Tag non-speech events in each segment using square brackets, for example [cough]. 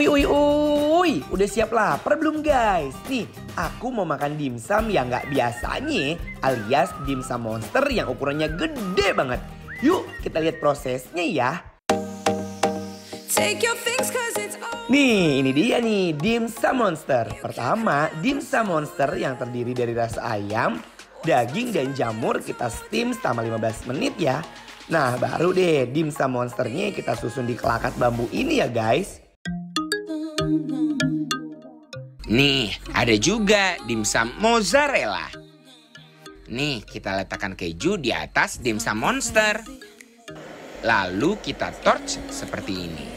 Uy uy uy, udah siap lapar belum guys? Nih, aku mau makan dimsum yang nggak biasanya alias dimsum monster yang ukurannya gede banget. Yuk kita lihat prosesnya ya. Take your things cause it's Nih, ini dia nih, dimsum monster. Pertama, dimsum monster yang terdiri dari rasa ayam, daging dan jamur kita steam selama 15 menit ya. Nah, baru deh dimsum monsternya kita susun di kelakat bambu ini ya guys. Nih, ada juga dimsum mozzarella. Nih, kita letakkan keju di atas dimsum monster. Lalu kita torch seperti ini.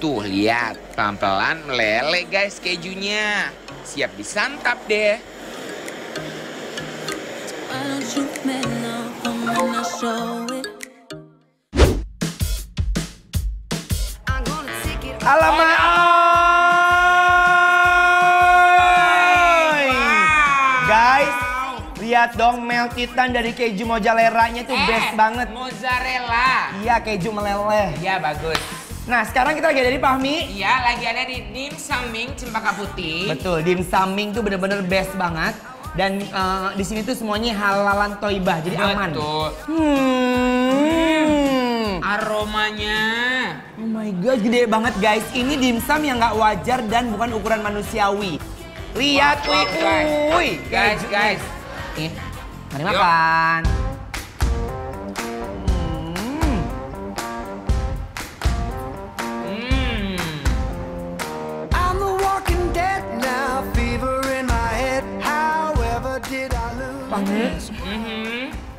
Tuh, lihat. Pelan-pelan meleleh guys kejunya. Siap disantap deh. Alamak. Lihat dong meltitan dari keju mozzarella-nya tuh eh, best banget. Mozzarella. Iya, keju meleleh. Iya, bagus. Nah, sekarang kita lagi ada di Pahmi. Iya, lagi ada di Dim Saming Cempaka Putih. Betul, Dim Saming tuh bener-bener best banget. Dan uh, di sini tuh semuanya halalan toibah, jadi Betul. aman. Betul. Hmm. hmm. Aromanya. Oh my god, gede banget guys. Ini dim sum yang nggak wajar dan bukan ukuran manusiawi. Lihat, wih, wih, guys, guys, guys. Oke, mari makan. Hmm. Hmm. Mm -hmm.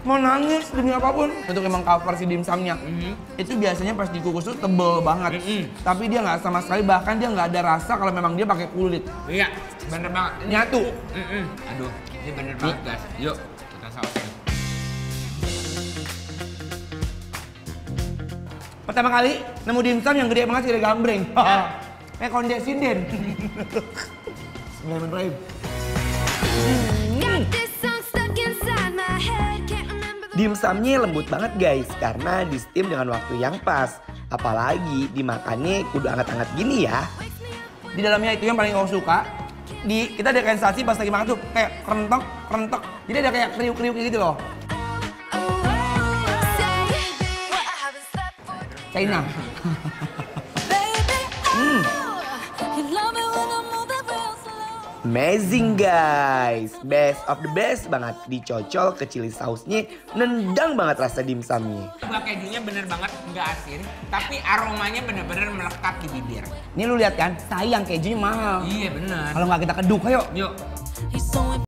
Mau nangis demi apapun untuk emang cover si dimsumnya. Mm -hmm. Itu biasanya pas dikukus tuh tebel banget. Mm -hmm. Tapi dia nggak sama sekali bahkan dia nggak ada rasa kalau memang dia pakai kulit. Iya, bener banget. Nyatu. Mm -hmm. Aduh. Ini bener banget guys. Yuk, kita sausin. Pertama kali nemu dimsum yang gede banget sudah gambreng. Eh ya. [laughs] konde sinden. Bismillahirrahmanirrahim. Dimsumnya lembut banget guys karena di steam dengan waktu yang pas. Apalagi dimakannya kudu anget-anget gini ya. Di dalamnya itu yang paling aku suka di kita ada sensasi pas lagi makan tuh kayak rentok rentok jadi ada kayak kriuk kriuk gitu loh China [laughs] hmm. Amazing guys, best of the best banget. Dicocol ke chili sausnya, nendang banget rasa dimsumnya. Buah kejunya bener banget, nggak asin, tapi aromanya bener-bener melekat di bibir. Ini lu lihat kan, sayang kejunya mahal. Iya bener. Kalau nggak kita keduk, ayo. Yuk.